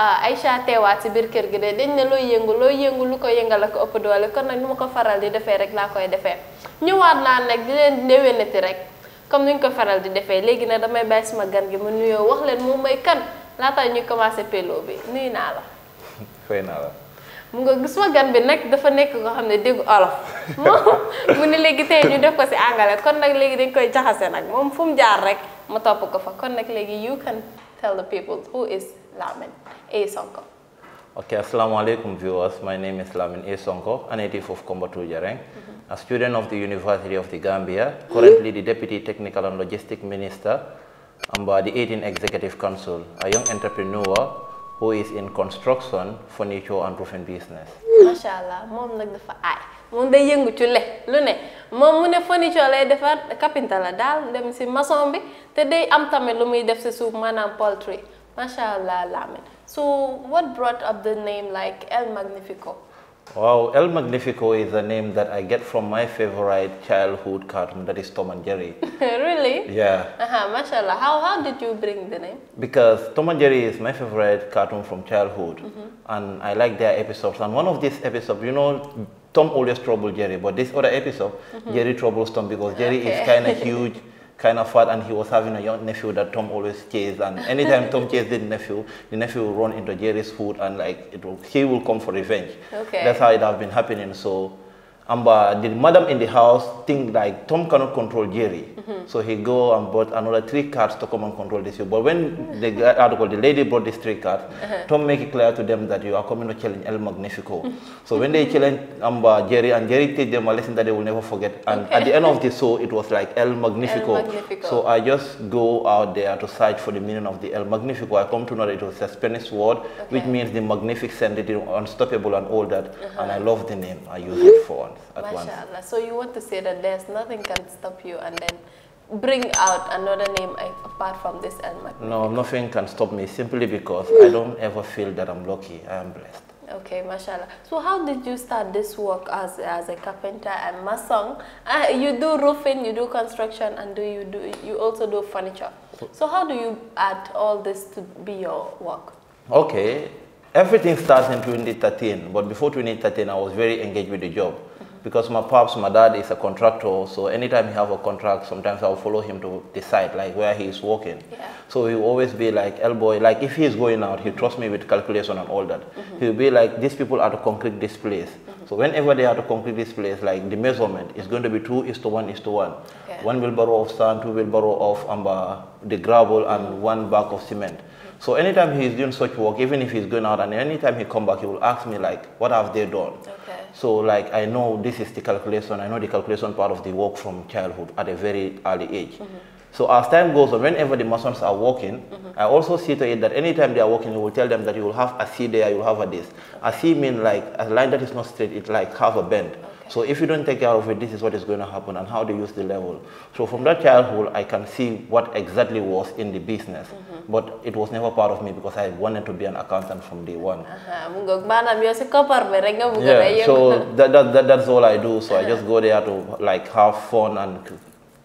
Eh, Aisha tewati bir biir kër gi de dañ na looy yëngu looy yëngu lu ko yëngal ko upp doole kon nak numa ko faral di defé rek la koy ñu ñëwaat na nak di leen déwénati rek comme ni ko faral di defé légui nag damay bay sama gan gi mu nuyo wax len moom may kan tay ñu commencé pélo bi nuy na la. fay na la. mu nga gis ma gan bi nak dafa nek ko xamné ne mu ni légui tay ñu def ko si angalé kon nag légui dañ koy jaxassé nak mom fum jaar rek ma top ko fa kon nag légui you can tell the people who is Lamin A. Sonko. Okay, Assalamu alaikum viewers. My name is Lamin A. Sonko, a native of Kombatu Jareng, mm -hmm. a student of the University of the Gambia, currently the Deputy Technical and Logistic Minister by the 18 Executive Council, a young entrepreneur who is in construction, furniture and roofing business. Mashallah, mom nak dafa ay. Mom day yëngu ci le lu ne. Mom mu ne furniture lay defar, carpenter la dal, dem ci maçon bi te day am tamit lu muy def ci suuf manam poultry. Mashallah Lamin. So what brought up the name like El Magnifico? Wow, El Magnifico is a name that I get from my favorite childhood cartoon, that is Tom and Jerry. really? Yeah. Uh-huh, mashallah. How, how did you bring the name? Because Tom and Jerry is my favorite cartoon from childhood, mm -hmm. and I like their episodes. And one of these episodes, you know, Tom always troubles Jerry, but this other episode, mm -hmm. Jerry troubles Tom because Jerry okay. is kind of huge kind of fat and he was having a young nephew that Tom always chased and anytime Tom chased the nephew, the nephew will run into Jerry's food and like will, he will come for revenge. Okay. That's how it has been happening. So and but uh, the madam in the house think like Tom cannot control Jerry. Mm -hmm. So he go and bought another three cards to come and control this. But when the uh, article, the lady bought these three cards, uh -huh. Tom make it clear to them that you are coming to challenge El Magnifico. so when they challenge um, uh, Jerry, and Jerry teach them a lesson that they will never forget. And okay. at the end of the show, it was like El Magnifico. El Magnifico. So I just go out there to search for the meaning of the El Magnifico. I come to know that it was a Spanish word, okay. which means the magnificent, the unstoppable and all that. Uh -huh. And uh-huh. I love the name I use it for at Masha once. Allah. So you want to say that there's nothing can stop you and then bring out another name apart from this El No, nothing can stop me simply because I don't ever feel that I'm lucky. I am blessed. Okay, mashallah. So how did you start this work as, as a carpenter and mason? Uh, you do roofing, you do construction, and do you do you also do furniture. So how do you add all this to be your work? Okay, everything starts in 2013, but before 2013, I was very engaged with the job because my pops, my dad is a contractor, so anytime he have a contract, sometimes I'll follow him to decide like where he is working. Yeah. So he'll always be like, Elboy, like if he's going out, he trust me with calculation and all that. Mm -hmm. He'll be like, these people are to concrete this place. Mm -hmm. So whenever they are to concrete this place, like the measurement is going to be two is to one is to one. Okay. One will borrow of sand, two will borrow of amber, the gravel, and mm -hmm. one bag of cement. Mm-hmm. So anytime he's doing such work, even if he's going out and anytime he come back, he will ask me like, what have they done? Okay. So like I know this is the calculation, I know the calculation part of the work from childhood at a very early age. Mm -hmm. So as time goes on, whenever the Muslims are working, mm -hmm. I also see to it that anytime they are working, you will tell them that you will have a C there, you will have a this. A C means like a line that is not straight, it like have a bend. So if you don't take care of it, this is what is going to happen and how they use the level. So from that childhood, I can see what exactly was in the business. Mm -hmm. But it was never part of me because I wanted to be an accountant from day one. Yeah, so that, that, that, that's all I do. So I just go there to like have fun and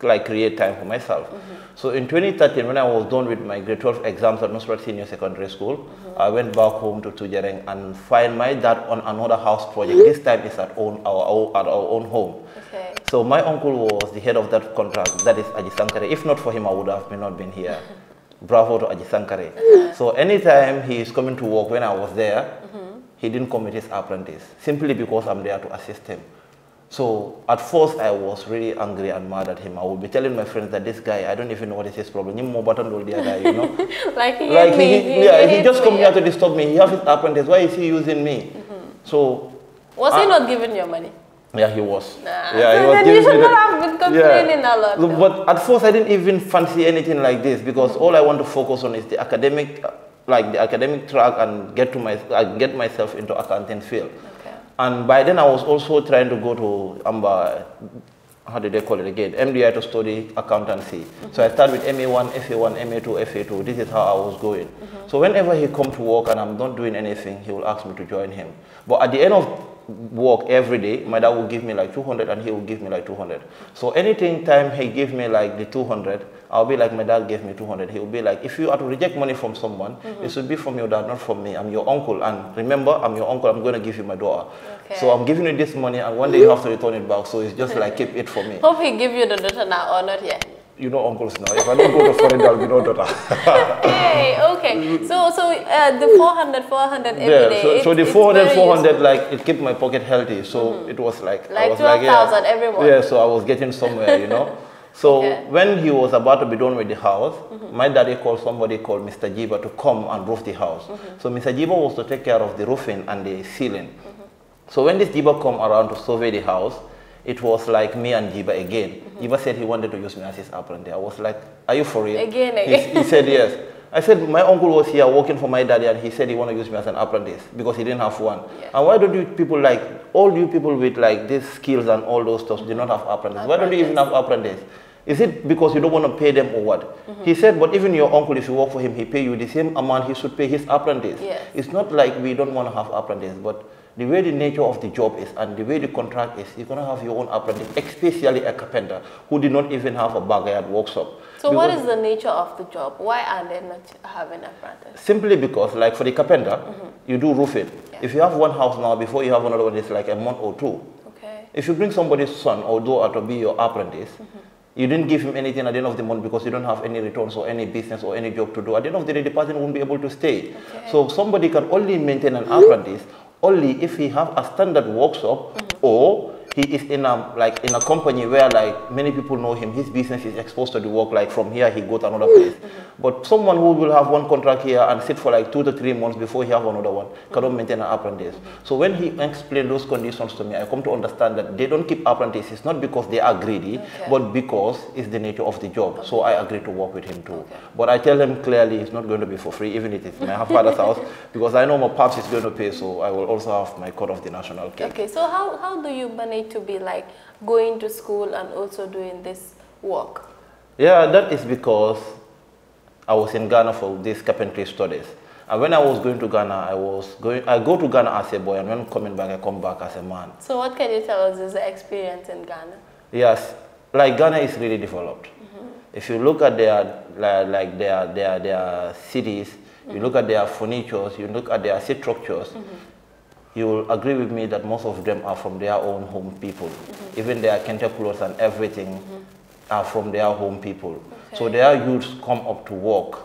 like create time for myself. Mm -hmm. So in 2013, when I was done with my grade 12 exams at Nusrat Senior Secondary School, mm -hmm. I went back home to Tujereng and find my dad on another house project. this time is at own, our, our, at our own home. Okay. So my uncle was the head of that contract, that is Ajisankare. If not for him, I would have not been here. Bravo to Ajisankare. Uh-huh. so anytime he is coming to work when I was there, mm-hmm. he didn't come with his apprentice, simply because I'm there to assist him. So at first I was really angry and mad at him. I would be telling my friends that this guy, I don't even know what is his problem. you more button all the guy, you know. like he, like he, he yeah, he, he just me. come here to disturb me. He has his apprentice. Why is he using me? Mm -hmm. So was I, he uh, not giving your money? Yeah, he was. Nah. Yeah, he was then you should not have been complaining yeah. a lot. Though. But at first, I didn't even fancy anything like this because mm-hmm. all I want to focus on is the academic, uh, like the academic track, and get to my, I uh, get myself into accounting field. Mm-hmm. And by then I was also trying to go to, um, how did they call it again, MDI to study accountancy. Mm -hmm. So I started with MA1, FA1, MA2, FA2. This is how I was going. Mm -hmm. So whenever he come to work and I'm not doing anything, he will ask me to join him. But at the end of work every day, my dad will give me like 200 and he will give me like 200. So anything time he give me like the 200, I'll be like, my dad gave me 200. He will be like, if you are to reject money from someone, mm -hmm. it should be from your dad, not from me. I'm your uncle. And remember, I'm your uncle. I'm going to give you my daughter. Okay. So I'm giving you this money and one day you have to return it back. So it's just like, keep it for me. Hope he give you the daughter now or not yet you know uncles now. If I don't go to foreign, I'll be no daughter. okay, okay. So, so uh, the 400, 400 every yeah, day, so, so the 400, 400, like it kept my pocket healthy. So mm -hmm. it was like like twelve thousand like, yeah, every month. Yeah, so I was getting somewhere, you know. So when he was about to be done with the house, mm -hmm. my daddy called somebody called Mr. Jiba to come and roof the house. Mm -hmm. So Mr. Jiba was to take care of the roofing and the ceiling. Mm-hmm. So when this Jiba come around to survey the house, it was like me and Jiba again. Mm -hmm. Jiba said he wanted to use me as his apprentice. I was like, are you for real? Again, again. He, he said yes. I said, my uncle was here working for my daddy and he said he want to use me as an apprentice because he didn't have one. Yeah. And why don't you people like, all you people with like these skills and all those stuff do not have apprentices? Why don't you even have apprentices? Is it because you don't want to pay them or what? Mm -hmm. He said, but even your uncle, if you work for him, he pay you the same amount he should pay his apprentice. Yes. It's not like we don't want to have apprentices, but the way the nature of the job is and the way the contract is, you're going to have your own apprentice, especially a carpenter who did not even have a backyard workshop. So because what is the nature of the job? Why are they not having apprentices? Simply because, like for the carpenter, mm -hmm. you do roofing. Yeah. If you have one house now, before you have another one, it's like a month or two. Okay. If you bring somebody's son or daughter to be your apprentice, mm -hmm. You didn't give him anything at the end of the month because you don't have any returns or any business or any job to do. At the end of the day, the person won't be able to stay. Okay. So somebody can only maintain an apprentice only if we have a standard workshop mm -hmm. or he is in a like in a company where like many people know him his business is exposed to the work like from here he got another mm-hmm. place but someone who will have one contract here and sit for like two to three months before he have another one mm-hmm. cannot maintain an apprentice so when he explained those conditions to me i come to understand that they don't keep apprentices not because they are greedy okay. but because it's the nature of the job so i agree to work with him too okay. but i tell him clearly it's not going to be for free even if it's my father's house because i know my pops is going to pay so i will also have my cut of the national cake okay so how, how do you manage need to be like going to school and also doing this work? Yeah, that is because I was in Ghana for these carpentry studies. And when I was going to Ghana, I was going. I go to Ghana as a boy, and when coming back, I come back as a man. So, what can you tell us is the experience in Ghana? Yes, like Ghana is really developed. Mm -hmm. If you look at their like, their their their cities, mm -hmm. you mm-hmm. look at their furnitures, you look at their structures. Mm -hmm you will agree with me that most of them are from their own home people. Mm -hmm. Even their kente clothes and everything mm -hmm. are from their home people. Okay. So their youths come up to work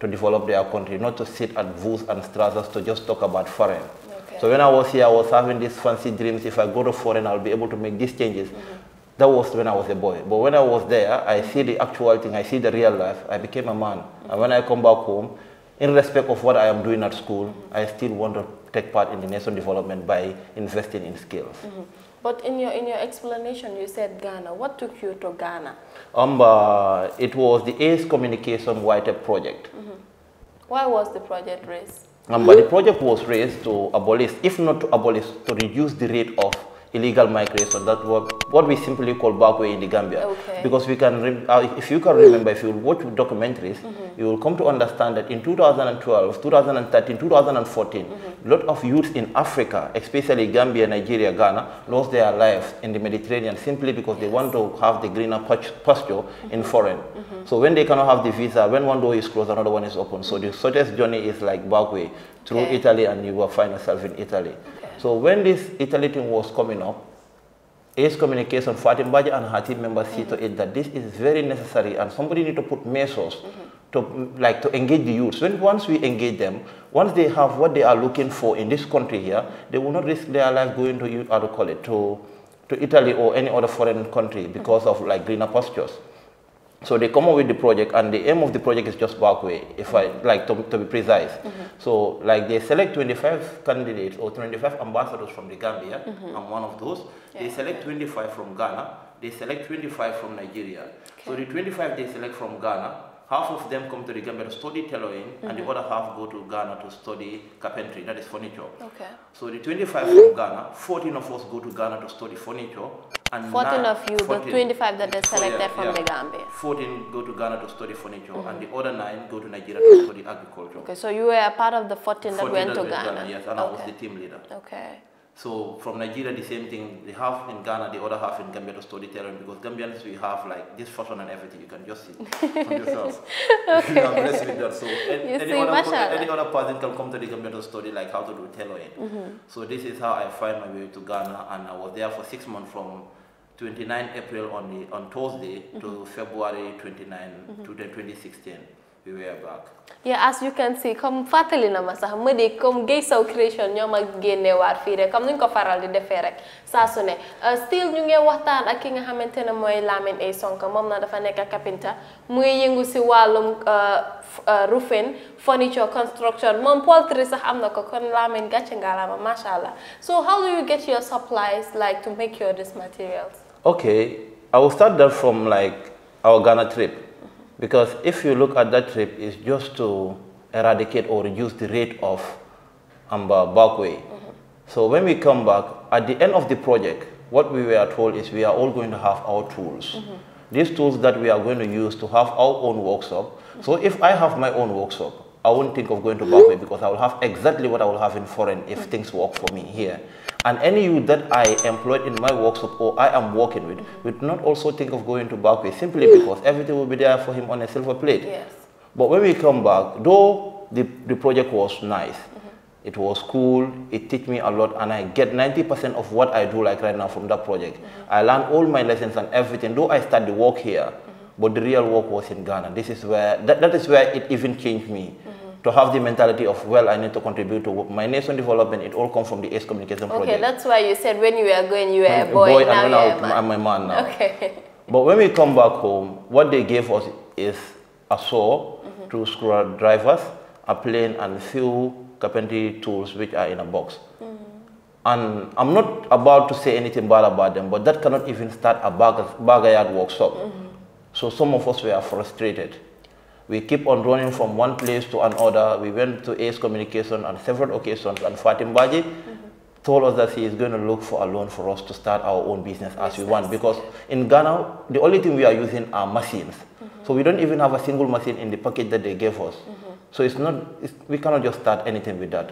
to develop their country, not to sit at booths and strasses to just talk about foreign. Okay. So when I was here, I was having these fancy dreams. If I go to foreign, I'll be able to make these changes. Mm -hmm. That was when I was a boy. But when I was there, I see the actual thing. I see the real life. I became a man. And mm-hmm. when I come back home, in respect of what I am doing at school, I still want to take part in the nation development by investing in skills. Mm -hmm. But in your, in your explanation, you said Ghana. What took you to Ghana? Um, uh, it was the ACE Communication white project. Mm -hmm. Why was the project raised? Um, but the project was raised to abolish, if not to abolish, to reduce the rate of illegal migration that what, what we simply call backway in the Gambia. Okay. Because we can, uh, if you can remember, if you watch documentaries, mm -hmm. you will come to understand that in 2012, 2013, 2014, a mm-hmm. lot of youths in Africa, especially Gambia, Nigeria, Ghana, lost their lives in the Mediterranean simply because yes. they want to have the greener pasture in mm-hmm. foreign. Mm-hmm. So when they cannot have the visa, when one door is closed, another one is open. So the shortest journey is like backway through okay. Italy and you will find yourself in Italy. So when this thing was coming up, Ace Communication, Fatim Baji and her team members see mm -hmm. to mm-hmm. it that this is very necessary and somebody need to put measures mm -hmm. to like to engage the youths. When once we engage them, once they have what they are looking for in this country here, they will not risk their life going to how to call it to to Italy or any other foreign country because mm -hmm. of like greener postures. So they come up with the project, and the aim of the project is just way, if I like to, to be precise. Mm -hmm. So like they select 25 candidates or 25 ambassadors from the Gambia. Mm -hmm. I'm one of those. Yeah. They select 25 from Ghana. They select 25 from Nigeria. Okay. So the 25 they select from Ghana, half of them come to the Gambia to study tailoring, mm -hmm. and the mm-hmm. other half go to Ghana to study carpentry, that is furniture. Okay. So the 25 from Ghana, 14 of us go to Ghana to study furniture, and 14 of you, 14, the 25 that are selected oh, yeah, from yeah. the Gambia. 14 go to Ghana to study furniture, mm -hmm. and the other nine go to Nigeria to study agriculture. Okay, so you were a part of the 14 that 14 went to Ghana. Ghana. Yes, and okay. I was the team leader. Okay. So from Nigeria, the same thing, the half in Ghana, the other half in Gambia to study tailoring because Gambians, we have like this fashion and everything. You can just see from yourselves. okay. with that. So any, any, see, other, any, other, person can come to the Gambia to study like how to do tailoring. Mm -hmm. So this is how I find my way to Ghana and I was there for six months from 29 April on the on Thursday mm -hmm. to February 29 mm -hmm. to the 2016 we were back. Yeah, as you can see comme fàttali na masah. sax ma di comme Gey Sow Creation ñoo are génneewaat fii rek comme ni ñu ko faral di defee rek uh, still you ngi waxtaan ak ki nga xamante ne mooy Lamin A song. moom na dafa nekk kapinta mu ngi yëngu si uh, uh, roofing furniture construction mom poultry sa am na ko kon Lamin gàcce allah so how do you get your supplies like to make your these materials okay, I will start that from like our Ghana trip. Because if you look at that trip, it's just to eradicate or reduce the rate of amber backway. Mm -hmm. So when we come back, at the end of the project, what we were told is we are all going to have our tools. Mm -hmm. These tools that we are going to use to have our own workshop. So if I have my own workshop, I won't think of going to Barclay because I will have exactly what I will have in foreign if hmm. things work for me here. And any youth that I employed in my workshop or I am working with hmm. would not also think of going to Barclay simply because hmm. everything will be there for him on a silver plate. Yes. But when we come back, though the, the project was nice, it was cool, it teach me a lot, and I get 90% of what I do like right now from that project. Mm -hmm. I learn all my lessons and everything. Though I start the work here, but the real work was in Ghana. This is where, that, that is where it even changed me. Mm-hmm. To have the mentality of, well, I need to contribute to my nation development, it all comes from the ACE Communication Project. Okay, that's why you said when you were going, you were a boy, boy now you're a man. I'm a man now. Okay. but when we come back home, what they gave us is a saw, mm -hmm. two screwdrivers, a plane, and few carpentry tools which are in a box. Mm -hmm. And I'm not about to say anything bad about them, but that cannot even start a barg bargain yard workshop. Mm-hmm. So some of us were frustrated. We keep on running from one place to another. We went to Ace Communication on several occasions, and Fatim Baji mm -hmm. told us that he is going to look for a loan for us to start our own business as we want. Because in Ghana, the only thing we are using are machines. Mm -hmm. So we don't even have a single machine in the package that they gave us. Mm -hmm. So it's not, it's, we cannot just start anything with that.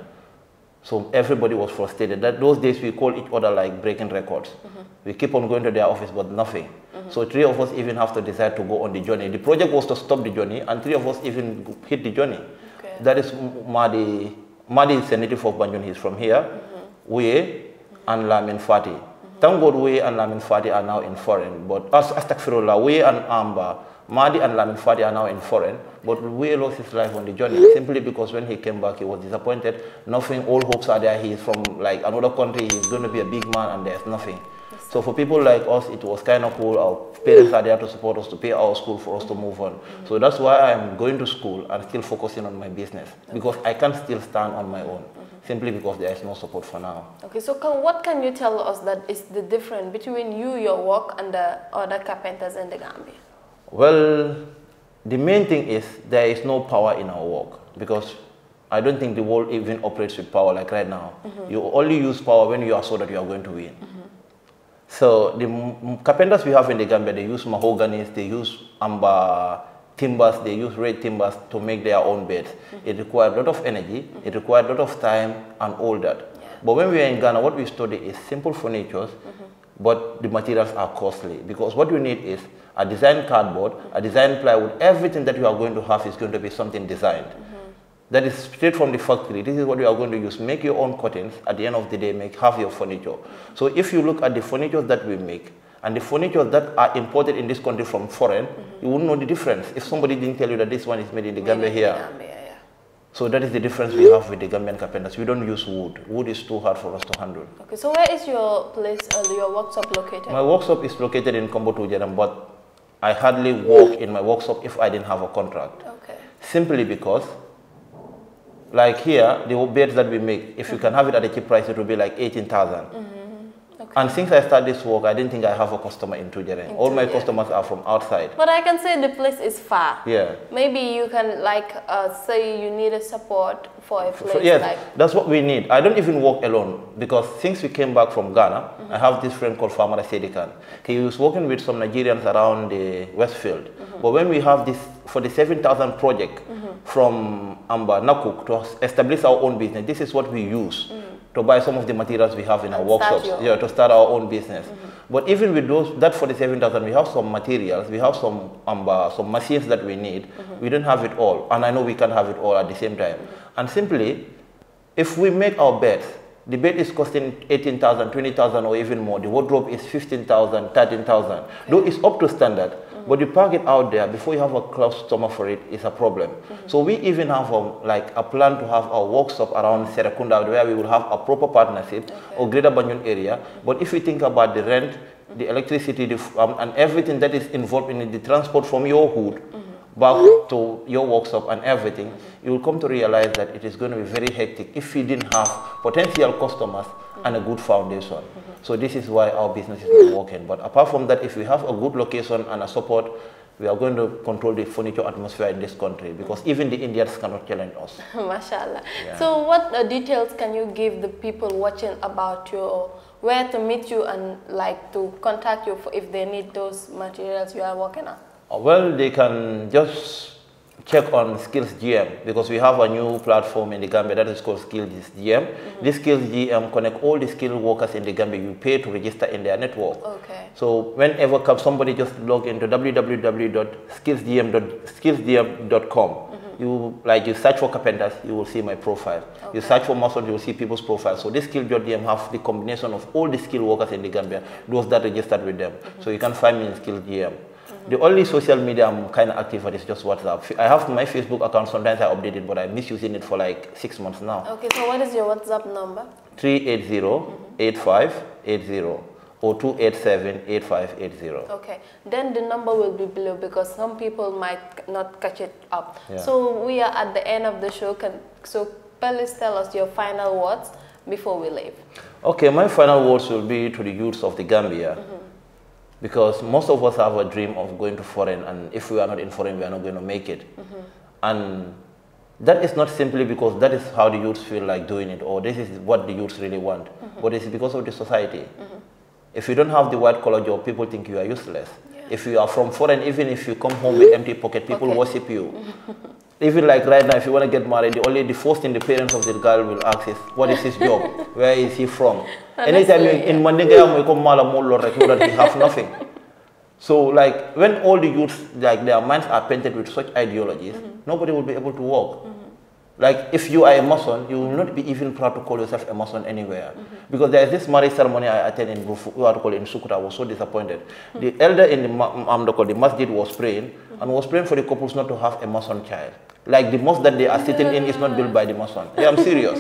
So everybody was frustrated. That those days we call each other like breaking records. Mm -hmm. We keep on going to their office, but nothing. Mm -hmm. So three of us even have to decide to go on the journey. The project was to stop the journey, and three of us even hit the journey. Okay. That is Madi. Madi is a native of Banjul. He's from here. Mm -hmm. We and Lamin Fati. Thank God, we and Lamin Fati are now in foreign. But as Astakfirullah, we and Amber Madi and Lamin Fadi are now in foreign, but we lost his life on the journey simply because when he came back, he was disappointed. Nothing, all hopes are there. He's from like another country, he's going to be a big man, and there's nothing. So for people like us, it was kind of cool. Our parents are there to support us, to pay our school for us to move on. So mm-hmm. that's why I'm going to school and still focusing on my business because I can still stand on my own mm-hmm. simply because there is no support for now. Okay, so can, what can you tell us that is the difference between you, your work, and the other carpenters in the Gambia? Well, the main thing is there is no power in our work because I don't think the world even operates with power like right now. Mm -hmm. You only use power when you are sure so that you are going to win. Mm -hmm. So the carpenters we have in the Gambia, they use mahoganies, they use amber timbers, they use red timbers to make their own beds. Mm -hmm. It required a lot of energy, mm-hmm. it required a lot of time and all that. Yeah. But when we are in Ghana, what we study is simple furniture mm-hmm but the materials are costly because what you need is a design cardboard, a design plywood, everything that you are going to have is going to be something designed. Mm -hmm. That is straight from the factory. This is what you are going to use. Make your own curtains. At the end of the day, make half your furniture. So if you look at the furniture that we make, and the furniture that are imported in this country from foreign, mm -hmm. you wouldn't know the difference if somebody didn't tell you that this one is made in the Gambia here. Gambia. So that is the difference we have with the Gambian carpenters. We don't use wood. Wood is too hard for us to handle. Okay, so where is your place, uh, your workshop located? My workshop is located in Kombo Jaram, but I hardly work in my workshop if I didn't have a contract. Okay. Simply because, like here, the beds that we make, if mm -hmm. you can have it at a cheap price, it will be like 18,000. Mm -hmm. And since I started this work, I didn't think I have a customer in Tujere. All my customers are from outside. But I can say the place is far. Yeah. Maybe you can like uh, say you need a support for a place. So, yes, like that's what we need. I don't even work alone because since we came back from Ghana, mm -hmm. I have this friend called Farmer Sedikan. He was working with some Nigerians around the Westfield. Mm -hmm. But when we have this for the 7,000 project mm -hmm. from Amba Nakuk to establish our own business, this is what we use. Mm to buy some of the materials we have in and our workshops, yeah, to start our own business. Mm -hmm. But even with those, that 47,000, we have some materials, we have some um, uh, some machines that we need. Mm -hmm. We don't have it all, and I know we can't have it all at the same time. Mm -hmm. And simply, if we make our beds, the bed is costing 18,000, 20,000 or even more. The wardrobe is 15,000, 13,000. Though it's up to standard, but you park it out there before you have a customer for it is a problem. Mm -hmm. So we even have a, like a plan to have a workshop around Serakunda where we will have a proper partnership okay. or Greater Banyan area. But if you think about the rent, mm -hmm. the mm-hmm. electricity, the, um, and everything that is involved in it, the transport from your hood. Mm -hmm back to your workshop and everything, mm-hmm. you will come to realize that it is going to be very hectic if you didn't have potential customers and a good foundation. So this is why our business is working. But apart from that, if we have a good location and a support, we are going to control the furniture atmosphere in this country because even the Indians cannot challenge us. Mashallah. Yeah. So what uh, details can you give the people watching about your where to meet you and like to contact you if they need those materials you are working on? Uh, well, they can just check on Skills GM because we have a new platform in the Gambia that is called Skills GM. Mm -hmm. This Skills GM connect all the skilled workers in the Gambia you pay to register in their network. Okay. So whenever somebody just log into www.skillsgm.com. Mm -hmm. You like you search for carpenters, you will see my profile. Okay. You search for muscle, you will see people's profile. So this skill.dm have the combination of all the skilled workers in the Gambia, those that registered with them. Mm -hmm. So you can find me in Skills GM. The only social media I'm kind of active for is just WhatsApp. I have my Facebook account. Sometimes I update it, but I am misusing it for like six months now. Okay, so what is your WhatsApp number? 380-8580 or 287-8580. Okay, then the number will be below because some people might not catch it up. Yeah. So we are at the end of the show. Can, so please tell us your final words before we leave. Okay, my final words will be to the youths of the Gambia. Mm -hmm because most of us have a dream of going to foreign and if we are not in foreign we are not going to make it mm -hmm. and that is not simply because that is how the youths feel like doing it or this is what the youths really want mm -hmm. but it's because of the society mm -hmm. if you don't have the white collar job people think you are useless yeah. if you are from foreign even if you come home with empty pocket people okay. worship you Even like right now, if you want to get married, the only the first thing the parents of the girl will ask is, what is his job? Where is he from? Anytime you, in Mandinga, we come malamolo, like we that he have nothing. So like when all the youths, like their minds are painted with such ideologies, mm -hmm. nobody will be able to work. Mm -hmm. Like if you are a Muslim, you will not be even proud to call yourself a Muslim anywhere. Mm -hmm. Because there is this marriage ceremony I attended in Gufu, what call in Sukuta, I was so disappointed. Mm -hmm. The elder in the Amdoko, the masjid was praying mm -hmm. and was praying for the couples not to have a Muslim child. Like the mosque that they are sitting in is not built by the Muslim. Yeah, I'm serious.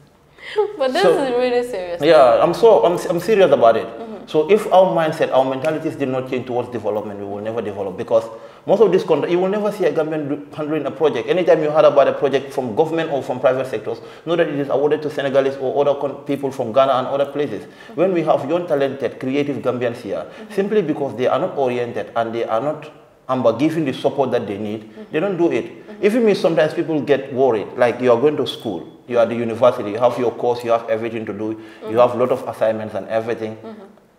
but this so, is really serious. Yeah, I'm so I'm, I'm serious about it. Mm-hmm. So if our mindset, our mentalities did not change towards development, we will never develop because most of this countries, you will never see a government handling a project. Anytime you heard about a project from government or from private sectors, know that it is awarded to Senegalese or other people from Ghana and other places. When we have young, talented, creative Gambians here, simply because they are not oriented and they are not and by giving the support that they need, mm -hmm. they don't do it. Mm -hmm. Even me, sometimes people get worried, like you are going to school, you are at the university, you have your course, you have everything to do, mm -hmm. you have a lot of assignments and everything,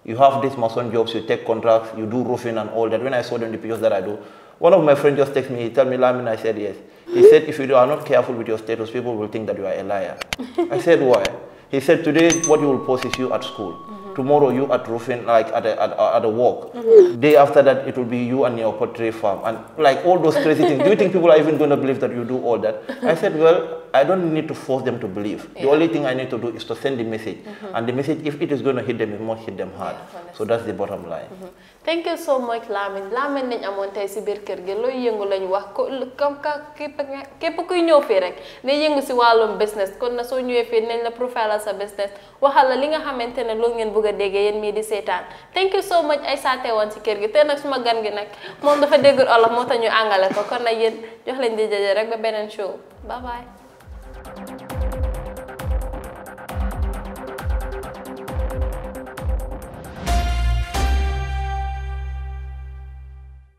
you have these mason jobs, you take contracts, you do roofing and all that. When I saw them, the pictures that I do, one of my friends just texted me, he told me, Lamin, I said yes. He said, if you are not careful with your status, people will think that you are a liar. I said, why? He said, today what you will post is you at school tomorrow you at roofing like at a, at, at a walk mm-hmm. day after that it will be you and your pottery farm and like all those crazy things do you think people are even going to believe that you do all that i said well i don't need to force them to believe yeah. the only thing i need to do is to send the message mm -hmm. and the message if it is going to hit them it must hit them hard yeah, so that's the bottom line mm -hmm. thank you so much Lamine Lamine nañ amoon si biir kër gi looy yëngu lañ wax ko comme ka képp kuy ñëw fii rek ne si wàllum business kon na soo ñëwee fii nañ profile sa business waxal la hamente na xamante buga a déggee yéen mii di seetaan thank you so much ay saate woon si kër gi te nag suma gan gi nag moom dafa déggul olof moo tax ñu àngale ko kon nag yéen jox leen di jaje rek ba beneen show bye bye